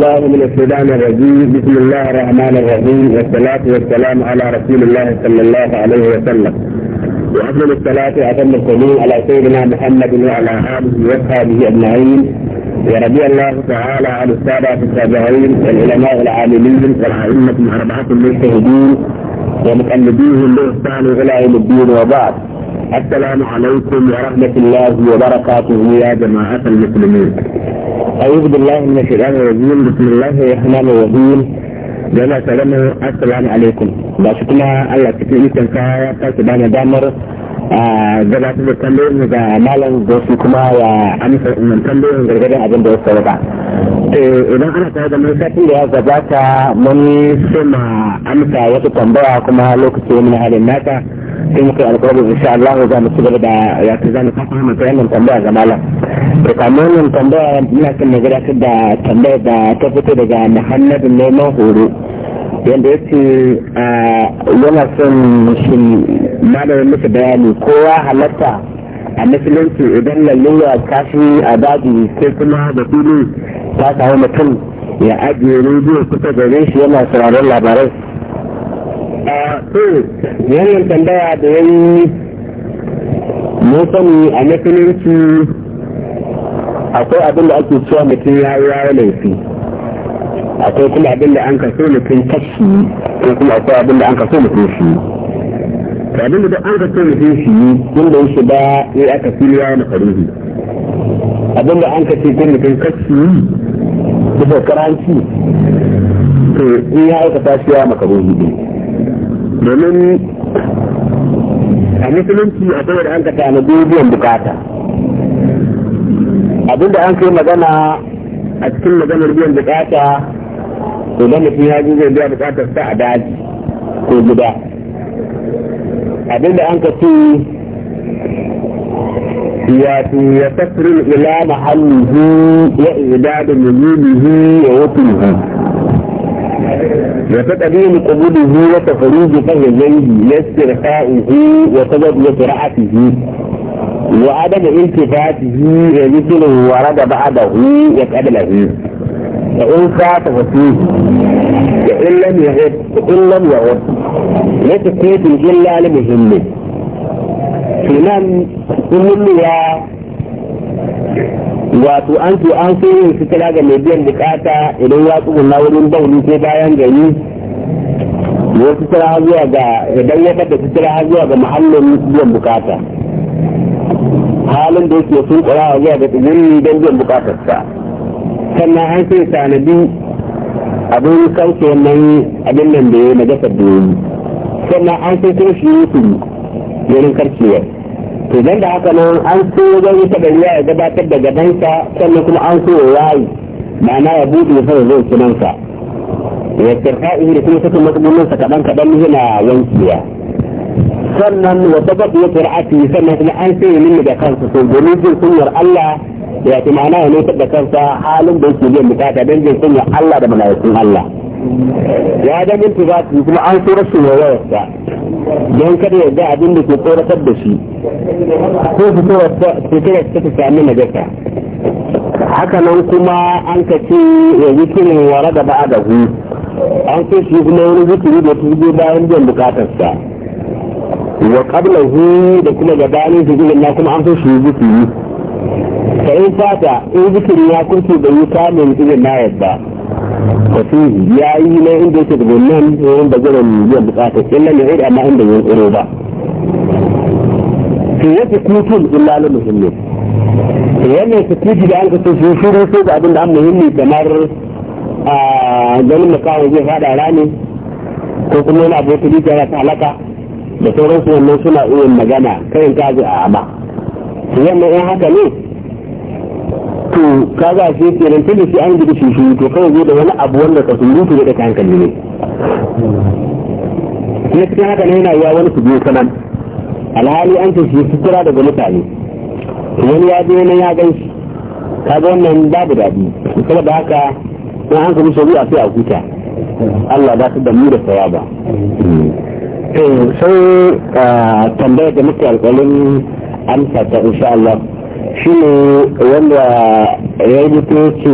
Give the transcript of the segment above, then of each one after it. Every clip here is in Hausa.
الله من الشيطان الرجيم بسم الله الرحمن الرحيم والصلاة والسلام على رسول الله صلى الله عليه وسلم وأفضل الصلاة وأتم القدوم على سيدنا محمد وعلى آله وأصحابه أجمعين ورضي الله تعالى عن السادة التابعين والعلماء العاملين والأئمة الأربعة المجتهدين ومقلديهم بإحسان إلى يوم الدين وبعد السلام عليكم ورحمة الله وبركاته يا جماعة المسلمين أعوذ بالله من الشيطان الرجيم بسم الله الرحمن الرحيم جماعة سلام السلام عليكم باشكما الله تكلمي تنسى تنسى دامر a gabatar da tambayin ga malam da kuma ya amsa nan tambayin gargadin abin da ya sauka eh, idan ana tare da mai satin da ya gabata mun ma amsa wata tambaya kuma lokacin mun halin naka sai muka alƙawarin insha Allah za mu ci gaba da ya ta zanu kafa mu ta yannan tambaya ga malam to kamar wannan tambaya muna kan gabatar da tambaya da ta fito daga Muhammad Neman Horo yanda yake ah, yana son shi malamin muka bayani kowa halatta a musulunci idan lalura kashi a daji sai kuma da fili ta samu mutum ya ajiye rediyo kusa gare shi yana sauraron labarai to wannan tambaya da yayi mun sani a musulunci akwai abin da ake cewa mutum ya yi rawa laifi akwai kuma abin da an kaso mutum kashi ko kuma akwai abin da an kaso mutum shi to abinda duk an ka ce mutum shi yi tun da yake ba ya aka filiya na faruhi abinda an ka ce ko mutum kashi yi ba karanci to in ya aikata shi ya makaruhi ne domin a musulunci a saboda an ka tanadi biyan bukata abinda an kai magana a cikin maganar biyan bukata to da mutum ya ji zai biya bukatar sa a daji ko guda. abinda an ka ce wato ya tasirin ila mahallihi ya idadin yaminihi ya wakilu وتقديم قبوله وتفريج فهميه لاسترخائه وتجرية رأته وعدم التفاته مثل ورد بعده وقبله فإن فاته فيه وإن لم يعد وإن لم يعد wata kotun illa lil muhimmi sunan kullum ya wato an to an so yin su kira ga mai biyan bukata idan ya na wurin bauli ko bayan gari wasu kira zuwa ga idan ya bada su kira zuwa ga mahallin biyan bukata halin da yake sun kura zuwa ga tsibirin don biyan bukatarsa sannan an sai sanadi abin sauke wannan abin nan da ya na gasar da ya yi sannan an sai kuma shi yi su wurin karkewa to don da haka nan an so wajen yi da ya gabatar da gabansa sannan kuma an so ya wayi ma'ana ya buɗe ya fara zai sunansa ya kirka ihu da kuma sakin matsugunansa kaɗan kaɗan yana yankewa sannan wata ba ya tura'ati sannan kuma an sai yin da kansa so domin jin sunyar Allah ya fi ma'ana ya nutar da kansa halin da yake biyan bukata don jin sunyar Allah da mala'ikun Allah. ya ga mintu za su kuma an so rashin wayarsa don kada ya ga abin da ke tsoratar da shi ko fitowar ta ta sami najasa haka nan kuma an ka ce ya yi kirin wara da ba'a da hu an so shi kuma wani zikiri da tuzo bayan biyan bukatarsa wa kabla hu da kuma gabanin zikirin na kuma an so shi zikiri ka in fata in zikirin ya kunce da yi kamin izin na yadda tafi ya yi na inda yake da wannan yayin da gurin a bukata illa ne da amma inda yin tsoro ba to yake kutun illa na muhimmi yana ta kuji da an ka so shi shiru so ga abin da an muhimmi kamar a ganin makawo zai fada rani ko kuma yana abu kudi da ta alaka da sauransu wannan suna iya magana kayan kazi a ba to yana in haka ne to kaga a sai kenan tunda sai an gidi shi to kawai zai da wani abu wanda ka sun surutu da ka hankali ne kuma cikin haka ne yana yiwa wani su biyo sanan alhali an ce shi sutura daga mutane wani ya je nan ya gan shi kaga wannan babu daɗi saboda haka in an kuma shari'a sai a huta Allah ba su da mu da sawaba eh, sai ah, tambayar da muke alƙalin amsa ta insha Allah shi ne wanda ya yi ce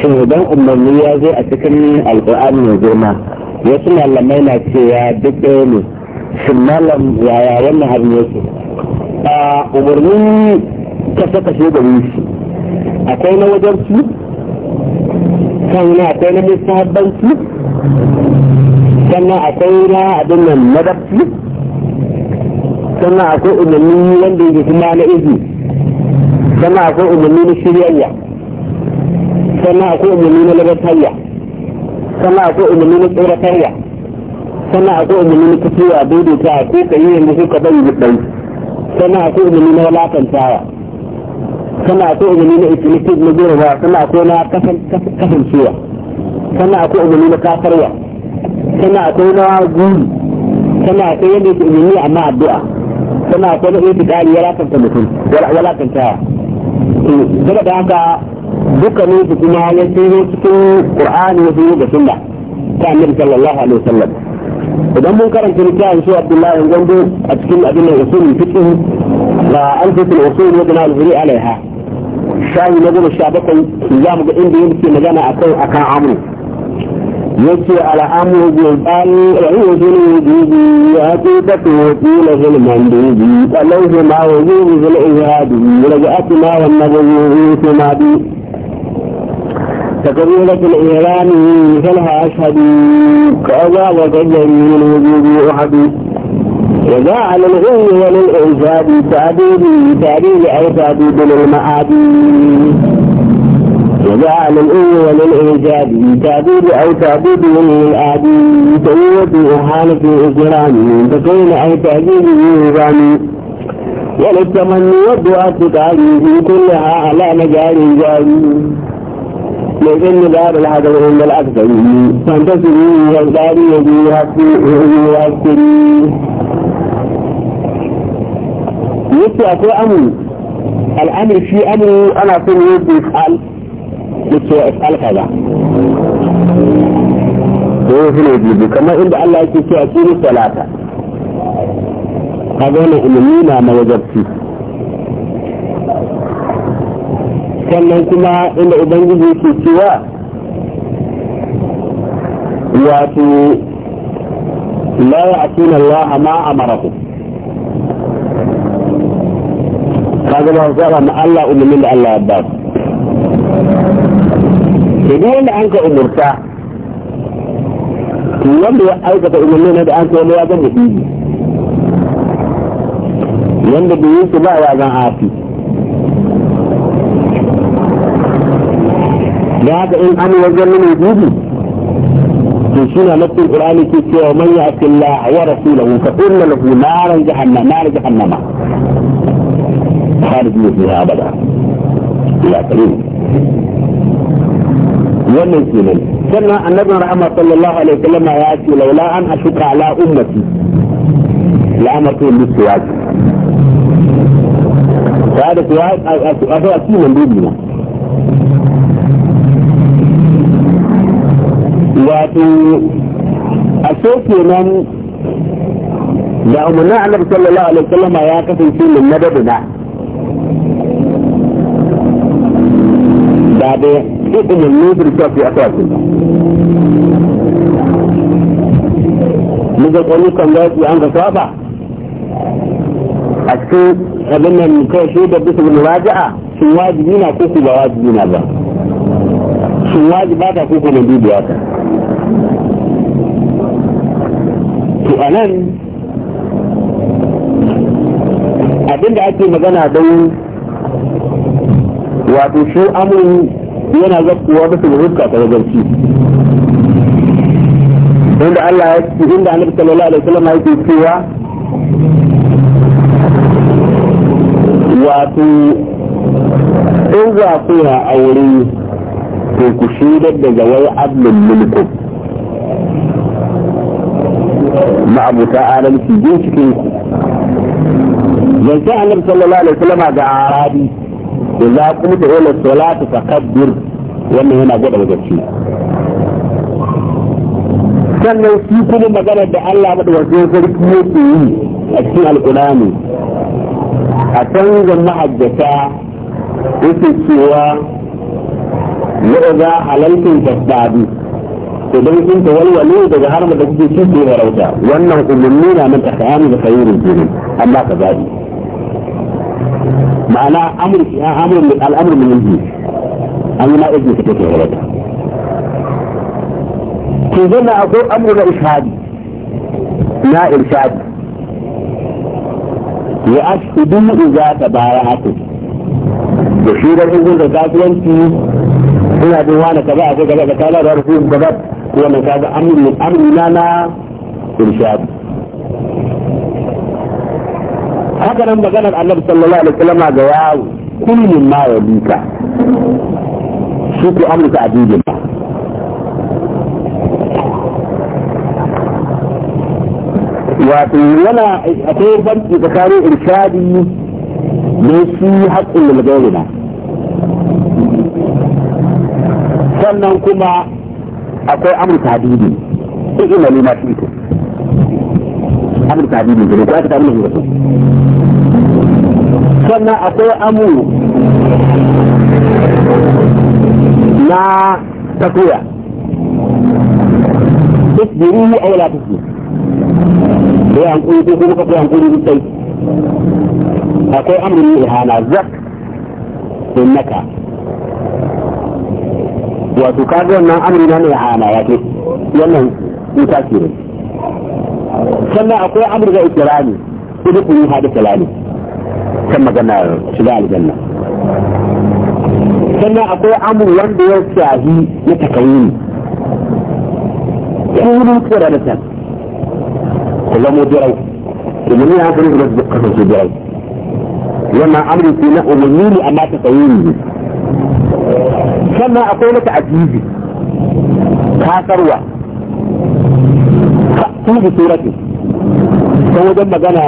shugaban umarni ya zo a cikin alkur'ani mai girma wasu malamai na cewa duk ɗaya ne shin malam yaya wannan abin yake a umarni kasa kashe da shi akwai na wajen wajensu sannan akwai na musahabbanci sannan akwai na abin nan madabci sannan akwai umarni wanda yake kuma na izini sannan akwai umarni na shiryayya sannan akwai umarni na labartayya sannan akwai umarni na tsoratayya sannan akwai umarni na tafiya daidaita ko kayi yanzu yanzu ka bari ɗan sannan akwai umarni na walakantawa sannan akwai umarni na ikilikin na jirgin sannan akwai na kasancewa sannan akwai umarni na kafarwa sannan akwai na guri sannan akwai yadda ke umarni amma addu'a sannan akwai na iya fitari walakantar mutum walakantawa daga da haka dukkanin su kuma ya tsiro cikin qur'ani ya tsiro da sunna ta annabi sallallahu alaihi wasallam idan mun karanta littafin shi abdullahi gondo a cikin abin da usulul fiqh da an fi usul wa kana al-zuri alaiha shayi na goma sha bakwai za mu ga inda yake magana akan akan amru yake al'amuru gobal rahudul wujubi hakikatu wakila fil mandubi kallahu ma wujubi fil ihadi raja'at ma wan nabiyyu kuma bi تكبيرة الإيران فلها أشهد كأضع وكجري من وجوب أحد وجاء للغي وللإنساب تعديل تعديل أو تعديل للمعادي جعل للأم للإيجاد تعديد أو تعديد من الآدي تقوية حالة إجرام تكون أي من نظامي وللتمني والدعاء تعديد كلها على مجال جاري لكن دار الحضر عند الأكثر فانتصري والدار يجي يحكي يسوى أمر الأمر في أمر أنا في يدي yace asal kaza ko ne bibi kamar inda Allah yake cewa kini salata kaga wannan ilimi na na wajabci sannan kuma inda ubangiji yake cewa wato a ya'tuna Allah ma amarakum kaga ba za ma Allah ulimin da Allah ya ba da duk wanda an ka umurta wanda ya aikata umarni da an kai ya zan da ibi wanda da yi su ba ya zan afi da haka in an wajen nuna ibi to shi na nafsin qur'ani ke cewa man ya fi Allah wa rasulahu fa inna lahu naran jahannama nar jahannama khalidun fiha abada ila kalim wannan kenan sannan annabin rahama sallallahu alaihi wasallam ya ce laula an ashuka ala ummati la amatu liswaj ta da kuwa a ta ci nan dubi na wato a so kenan da umarnin annabi sallallahu alaihi wasallam ya kasance min madadina da dai يقوم النور في أساسه muka kwanukan zafi an ka saba a cikin abin nan kai shi da bisa wani waji'a sun wajibi na ko ku ba wajibi na ba sun wajiba ta ko ku na dubiya ta to a nan abin da ake magana don wato shi amurin yana zakkuwa bisa ga huska ta zarci inda Allah ya ci inda Annabi sallallahu alaihi wasallam yake cewa wato in za ku a aure to ku shidar da gawai abdul mulku ma'abuta adalci jin cikin ku zance Annabi sallallahu alaihi wasallam ga arabi idza qumta ila salati fakabbir wannan yana gwada wajabci sannan su kuma magana da Allah madawacin sarki yake yi a cikin alkulani a canzan ma'ajjata yake cewa yadda halaltun tasbabi idan kun ta walwale daga harma da kuke ci ke rauta wannan umarni na mata kayan da kayi rubutun Allah ka zaɓi معناه امر فيها امر الامر من الدين انا ما اذن كتبت غيرتها في ظل اقول امر اشهادي لا ارشاد واشهد اذا تبايعتم يشير الانسان لكافرنتي هنا ديوان كذا كذا كذا كذا كذا كذا كذا كذا كذا كذا كذا كذا كذا ارشاد haka nan maganar annabi sallallahu alaihi wasallam ga yawo kullum ma ya duka shi ko amurka adidin ba wato yana a kai banki tsakanin irshadi ne shi haƙƙin lulgaurina sannan kuma akwai amurka adidin in ina lima shi ko amurka adidin ne ko aka tabbata shi sannan akwai amu na tafiya ne a yi latifi da ya hankuli ko kuma kafa hankuli sai akwai amu amurin ilhana zak innaka wato ka kaga wannan amurin na ilhana ya ce wannan mutaki ne sannan akwai amu ga ikirani idu kun yi hadisa lalata kan magana shiga aljanna sannan akwai amur wanda ya shahi na takayyuni kuru tsira da san ku zamo birai domin ya hankali da su kasance birai wannan amurin ke na umarni ne amma takayyuni ne sannan akwai na ta'ajibi kasarwa ta tuhu suratin ta wajen magana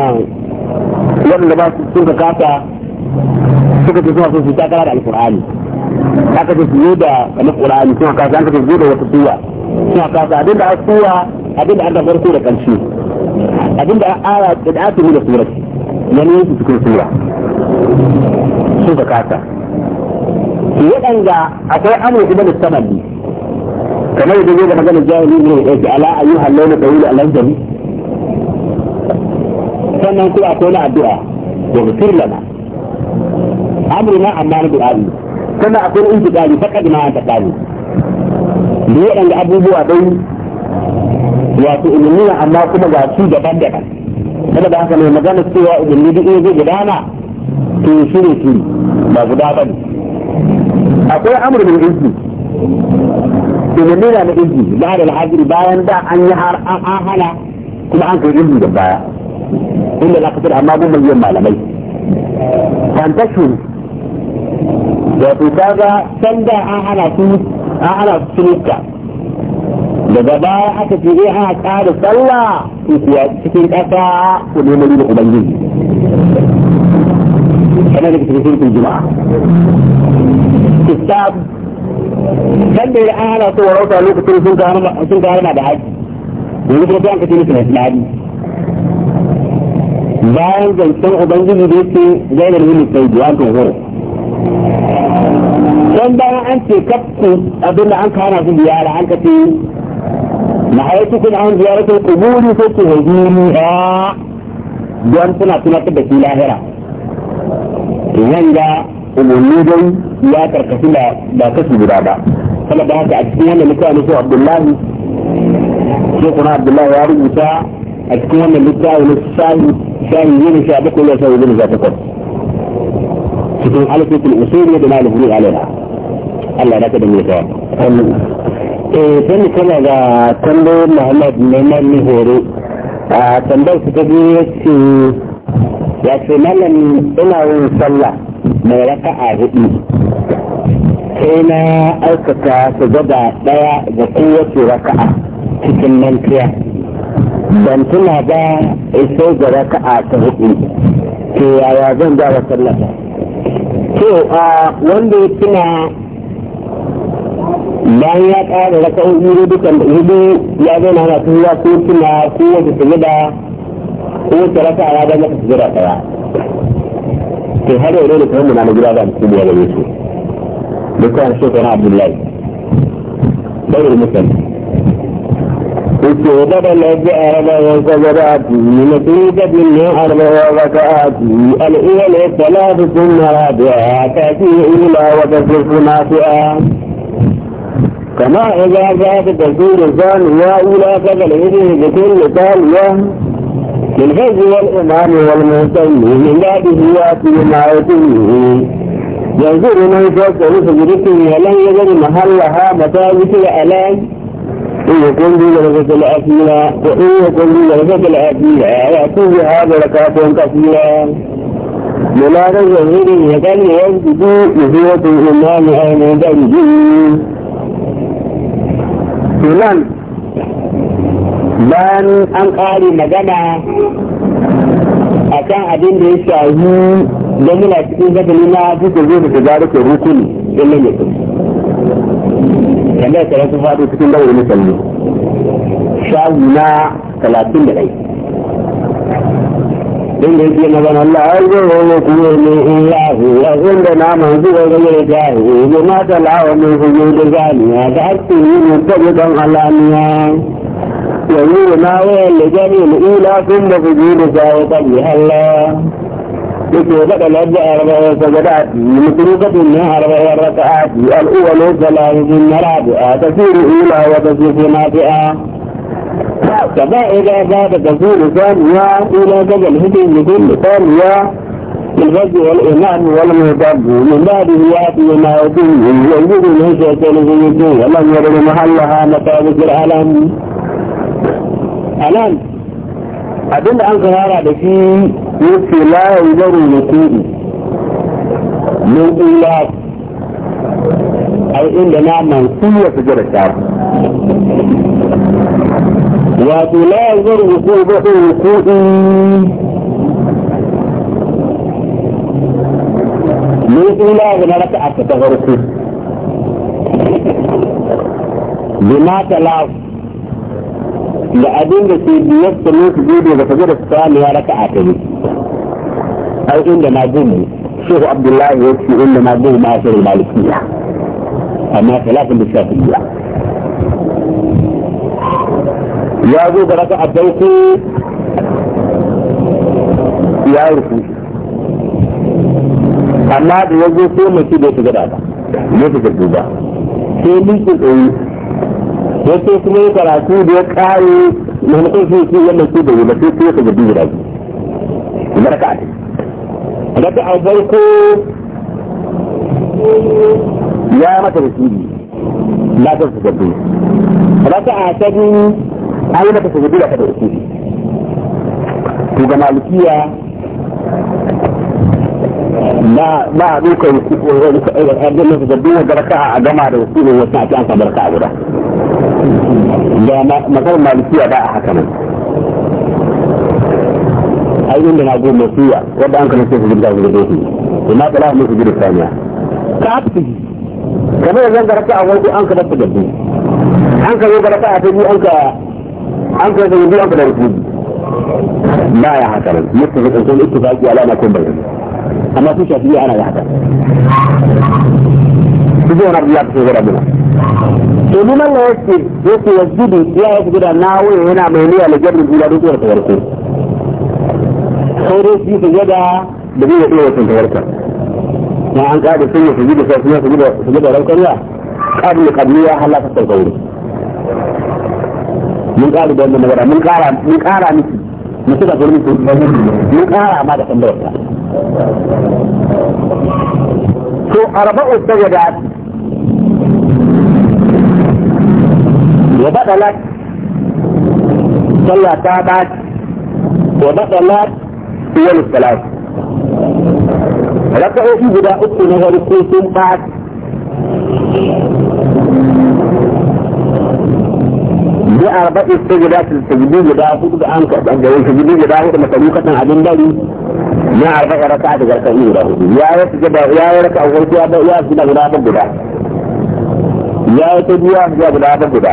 wanda ba su suka kasa suka ce suna so su takara da alkur'ani aka ce su yi da alkur'ani suna kasa an ka ce da wata suwa suna kasa abinda a suwa abinda an da farko da karshe abinda a aya da a tuni da surati yana yin su cikin sura suka kasa waɗanda akwai amur ibn samadi kamar da zai da maganar jahili ne ya ce ala ayyuhal lawla tawil al-anjami sannan kuma akwai na addu'a wa mutir lana na amma na du'a'i sannan akwai in du'a'i faqad ma an qali da waɗanda abubuwa dai wato na amma kuma ga su daban daban kada da haka mai magana cewa ilmi duk zai gudana to shi ne shi ba guda ba ne akwai amru min izi ilmina na izi ba da alhajiri bayan da an yi har an hana kuma an kai izini da baya إلا الأخبر أمامه مليون ما لمي فأنت شون وتتابع سندا أعلى سوس أعلى سوسك لذا لا يحكي في إيها تعالى صلى في سياد سكين أفا ونمو لي لقبيني أنا لك سكين في الجماعة كتاب سندا أعلى سوى روضة لك سكين كارمة بحاجة ونفرق يعني كتير مثل أسماعي bayan zancen ubangiji da yake gairar wani sai da kan horo dan bayan an ce kafku abin da an kara su ziyara an kace mahaifi kun an ziyara ta kuburi ko ke hajjini ha don suna tunatar da shi lahira yanga umarni dai ya karkashi da ba kashi guda ba da haka a cikin wannan littafin su abdullahi shekuna abdullahi ya rubuta a cikin wannan littafin lissafi shafi goma sha bakwai da eh sai kana ga tambo Muhammad Neman ni a tambar su ta biyu yace ya ce malam ina yin sallah mai raka'a hudu sai na aikata su gaba daya ga kowace raka'a cikin mantiya ban tuna ba eh, sai ga raka'a ta hudu ke yaya zan gyara sallata to a wanda ya tuna bayan ya ƙara raka hudu dukan hudu ya zauna na tuwa ko tuna ko wata sujada ko wata a ya zama sujada ɗaya to har yau da kuma na gida da mutum ya gare su dukkan shekara abdullahi bayan musulmi استوجب الذي أربع وسجدات نتيجة ما أربع ركعات الأولى ثلاث ثم رابعة تأتي أولى وتصف نافعة كما إذا جاءت تكون الثانية أولى كذلك بكل ثانية للفرد والإمام والمهتم من بعده يأتي ما يتيه ينظر من فوق رسل رسل ولن يجد محلها متى ذكر ألام وإن يكون دي لبسة الأثيرة وإن يكون دي لبسة الأثيرة ويأتي هذا لكافر كثيرا منادى الزهير يكن يسجد نزوة الإمام أهل درجه Sunan bayan an ƙare magana a kan abin da ya shahi da muna cikin gabali na cikin zuwa da tazarukin rukuni illa ne tambaya ta sun faɗo cikin dawo na sallu shawu na talatin da ɗai din da yake magana Allah an zo wa ne kuma ne in yahu a inda na manzu wa gare jahu ne ma talawa min hujjojin zaniya da hakki ne ne tabi don alaniya يقول ما وين لجميع الأولى ثم وجود ساوة الله يتوبة الأربع أربع سجدات مطروقة منها أربع ركعات الأول ثلاثة مرات تسير أولى وتسير نافئة كما إذا زاد تسير ثانية إلى جبل الهدي كل ثانية الغزو والإمام والمهتم من بعده يأتي ما يتم ويجوز له شيطان في ولم يرد محلها مطابق العلم علم abinda an karara da shi yake la yanzuru nukudu min ila ai inda na mansuya su jira ta wato la yanzuru nukudu nukudu min ila na raka a ta farko bima lafi da abin da ke biyar da ne su gudu da fajar su sami ya raka a ta yi ai inda na gumu shehu abdullahi ya ce inda na gumu ma shirin malikiya amma talatin da shafiya ya zo da raka a farko ya rufu amma da ya zo sai mace bai shiga da ba ne su ba sai mulkin tsaye yace kuma ya karatu da ya kare mun ko shi shi yamma shi da yamma sai ya ga bidira barka da ta an farko ya mata da rasuli la ta su gabe raka a ta bi yi mata su gabe da ta rasuli to ga malikiya ba a dukkan ku ko wani ka ga da raka a gama da rasuli wata ta an barka guda da matsar malikiya ba a haka nan ainihin da na go masuya wadda an kana sai su gida su da su to na tsala musu jirga saniya ka fi kamar yanzu da raka a wani an ka dafa dabbu an ka zo da raka a ta biyu an ka an ka zai biyu an ka da rufu ba ya haka nan musu da kankan ittifaqi alama kun bayyana amma su shafi ana ya haka duk wani abu ya kasu gwada muna to ni man yake yake yajidi ya yake gida na wuya yana mai niyya da jabrin guda duk wani tawarko sai dai shi sujada da zai yadda wata tawarka na an kada sun yi sujada sai sun yi sujada sujada raukariya kabin da kabin ya halaka tsarkauri mun kada da wannan magana mun kara mun kara miki mun suka zo miki mun kara ma da tambayar ta to arba'u sajadati وبطلت صلى تابعت وبطلت طول الصلاة ركعوا في guda uku na farko sun ɓaci bi arba'i sujudatul sujudu guda hudu da an karɓa da wani sujudu guda hudu masalukatan abin dari na arba'i raka'a da garka'i guda hudu ya yi sujuda yi raka'a ya yi sujuda guda guda ya guda guda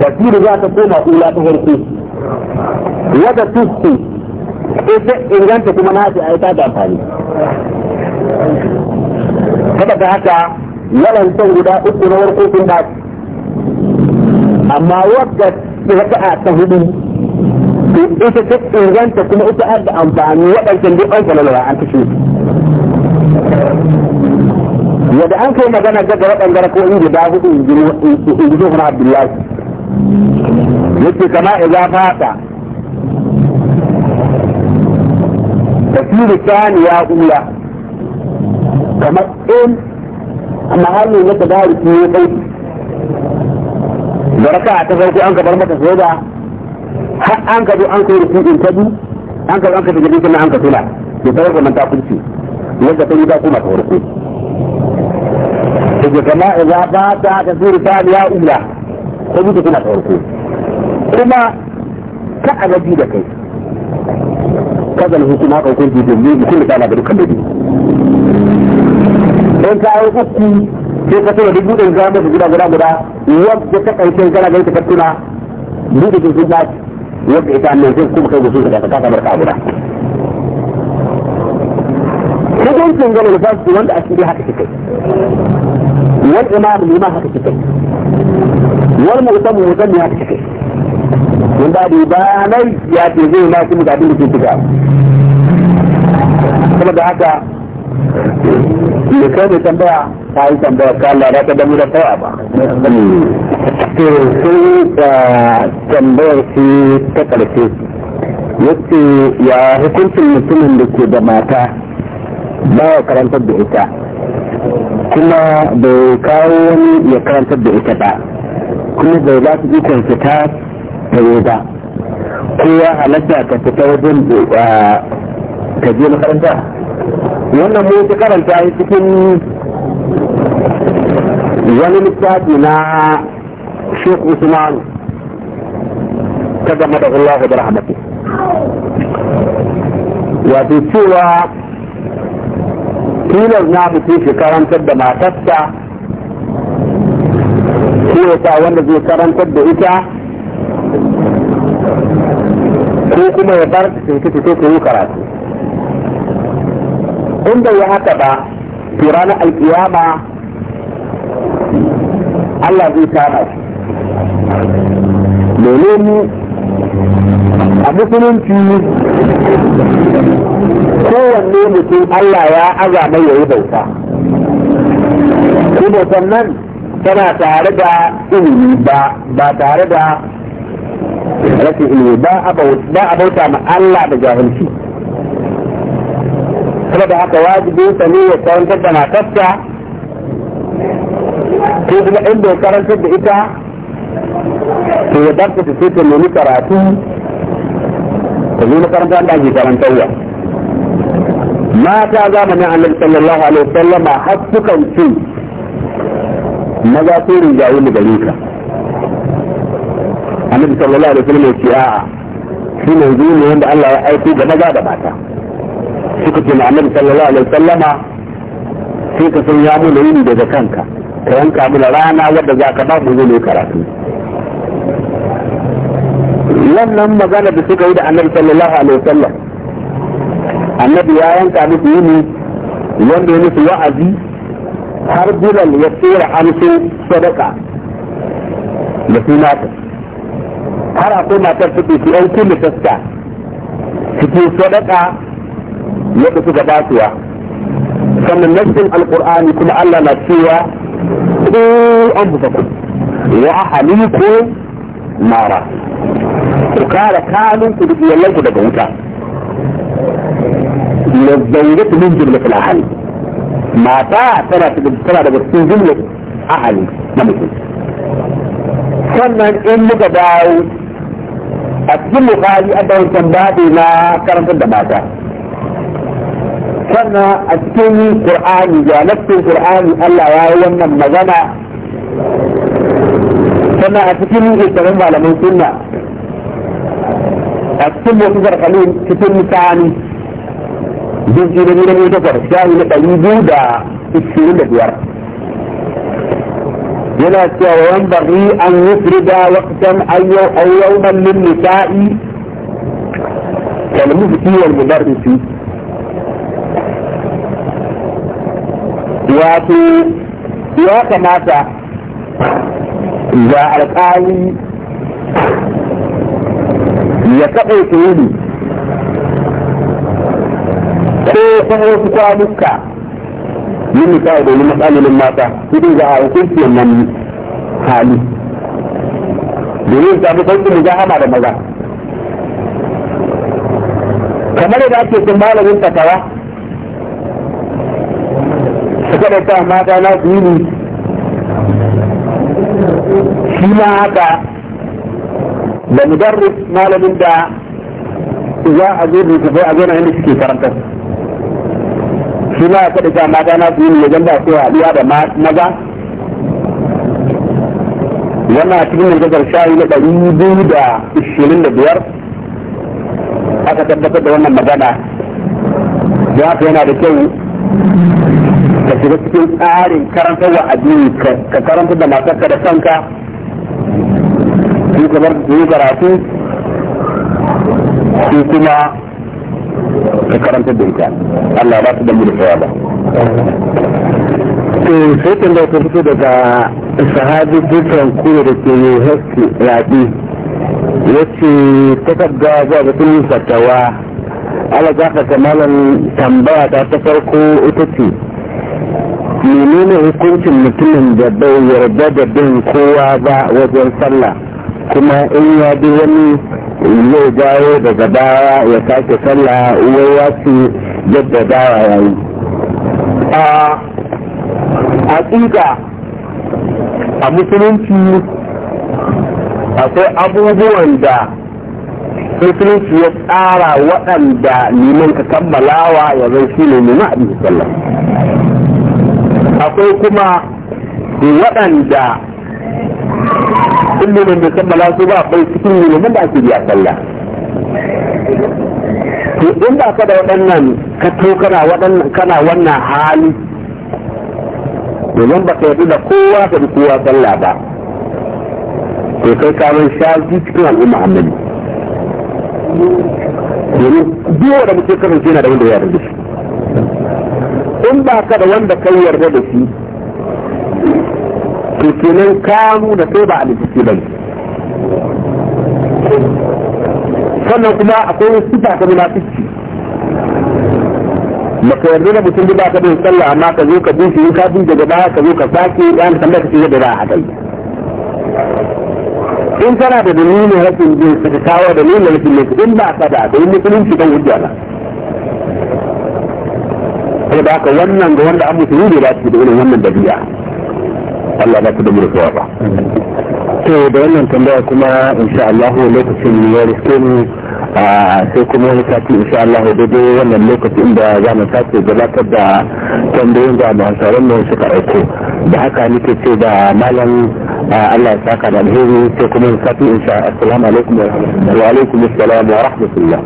tasiru za ta koma ula ta farko wadda tusku ita inganta kuma na ce a yi ta da amfani saboda haka yalantan guda uku na warko sun ba amma wadda ta a ta hudu ita ta inganta kuma ita da amfani waɗancan duk an kwalala an kashe yadda an kai magana daga waɗanda ko inda da hudu in ji zuwa na abdullahi yake kama idan fata tasiru sani ya ula kamar in a mahallin ya ta dari ya kai da raka ta farko an bar mata soja har an gado an kai rufi in tabi an gado an ka tabi kuma an ka tula ke tawar da manta kurci yadda ta yi ba kuma ta farko. Ije kama idan fata tasiru sani ya ula ko bi kina ta farko kuma ta a gaji da kai kazan hukuma ka hukunci domin mutum da na ga dukkan da biyu in ta yi uku sai ka tura dubu ɗin gama da guda guda guda wadda ta ƙarshen kana gaita ta tuna buɗe da zuba wadda ita annan sai kuma kai gusu da ta kasa barka guda hukuncin gama da fasu wanda a cikin haka kai wal imam liman haka kike wal mu'tamu mutanni haka kike mun da dai bayanai ya ce zai ma kuma ga abin da ke tuga saboda haka da kai mai tambaya ta yi tambaya ka Allah da ka damu da tsawa ba to sai ah, tambayar shi ta karshe yace ya hukuncin mutumin da ke da mata ba ya karantar da ita kuma bai kawo wani ya karantar da ita ba kuma bai za su ikon fita yi ba ko ya halatta ka fita wajen ah, ka je makaranta wannan mu ta karanta ya cikin wani littafi na shek Usman ta gama da Allah da rahmatu wato cewa tilas na mutum shi karantar da matarsa shi yasa wanda zai karantar da ita ko kuma ya bar ta sai fito ta yi karatu in bai yi haka ba to ranar alkiyama Allah zai kama shi domin a musulunci kowanne mutum Allah ya aza mai yayi bauta kuma sannan tana tare da ilimi ba ba tare da rashin ilimi ba a bauta ma Allah da jahilci da haka wajibi ta ne ya karantar da matarsa ko kuma in bai karantar da ita to ya barta ta sai ta nemi karatu ta nemi karanta da ake karantarwa mata zamanin annabi sallallahu alaihi wasallama har sukan ci maza su rinjaye mu gare ka annabi sallallahu alaihi wasallam ya ce a shi ne ne wanda Allah ya aiko ga maza da mata suka ce annabi sallallahu alaihi wasallama sai ka san ya mu yini daga kanka ka yanka mana rana wadda za ka ba mu zo karatu wannan magana da suka yi da annabi sallallahu alaihi wasallam annabi ya yanka musu yini wanda ya musu wa'azi har bilal ya tsira amsin sadaka da su mata har akwai matar su ɗauki ɗan kulle taska cikin sadaka yadda suka basuwa sannan nassin alƙur'ani kuma allah na cewa ko an busa ku wa ahaliku mara ku kare kanun ku duk yallanku daga wuta للزوجات من جملة الأهل ما تاع ثلاثة من السبعة من جملة أهل ما مثل كما إن مكباو أتجم خالي أدعو سنباتي ما كرم تدباتا كما أتجم القرآن جاء نفس القرآن ألا يوم من مغنى كما أتجم إستغنى على موسنى أتجم وكذر خليل كتن ثاني jirgi na nuna mai takwas na ɗari biyu da ishirin da biyar yana cewa wayan bari an yi firda waktan ayyau ayyauman min nisa'i kalmufi wal mudarrisi wato ya kamata ga alƙali ya kaɗaita yini ko kuma wasu kwanuka yin misali domin matsalolin mata idan za a hukunci wannan hali domin samu sauƙin mujahama da maza kamar yadda ake cin malamin fatawa su kada ta mata na su yi shi ma haka da mudarris malamin da za a zo rubutu a zo na inda suke karanta shi ma ya faɗi cewa mata na su yi ne ba su haɗuwa da maza wannan cikin manzazar shayi na ɗari biyu da ishirin da biyar aka tabbatar da wannan magana don haka yana da kyau ka shiga cikin tsarin karantar wa addini ka karanta da matarka da kanka yi karatu su kuma ka karanta da ita Allah ba su da mulki ba to sai ta da fito daga sahabi dukkan kuma da ke yi haske rabi yace takarda zuwa ga tunin fatawa ala za ka kamalan tambaya ta ta farko ita ce menene hukuncin mutumin da bai yarda da bin kowa ba wajen sallah kuma in ya bi wani zai dawo daga baya ya sake sallah wai ya ce yadda dawa ya yi a hakika a musulunci akwai abubuwan da musulunci ya tsara waɗanda neman ka kammalawa ya zai shi ne neman abin sallah akwai kuma waɗanda in liman bai kammala su ba bai cikin ne mun da ake biya sallah to in ba ka da waɗannan ka to kana waɗannan kana wannan hali to domin ba ka yi da kowa ka bi kowa sallah ba to kai ka bar shafi cikin al'umma annabi domin duk wanda muke kasance yana da wanda ya yarda shi in ba ka da wanda kai yarda da shi to kenan kanu da sai ba a lissafi ba sannan kuma akwai wasu sifa ta munafici maka yarda da mutum ba ka bin sallah amma ka zo ka bin shi ka bin daga baya ka zo ka sake ya na tambaya ka ce yadda za a kai in tana da dalilin rashin bin su ka kawo nuna rashin bin in ba ka da dalilin shi kan hujja na da aka wannan ga wanda an musulmi ne ba shi da irin wannan dabi'a Allah ba ku da mulkuwa ba to da wannan tambaya kuma insha Allah lokacin ya riske mu sai kuma wani sati insha Allah daidai wannan lokacin da za mu sake gabatar da tambayoyin da masu mu suka aiko da haka nake ce da malam Allah ya saka da alheri sai kuma wani sati insha Allah assalamu alaikum wa alaikum assalam wa rahmatullah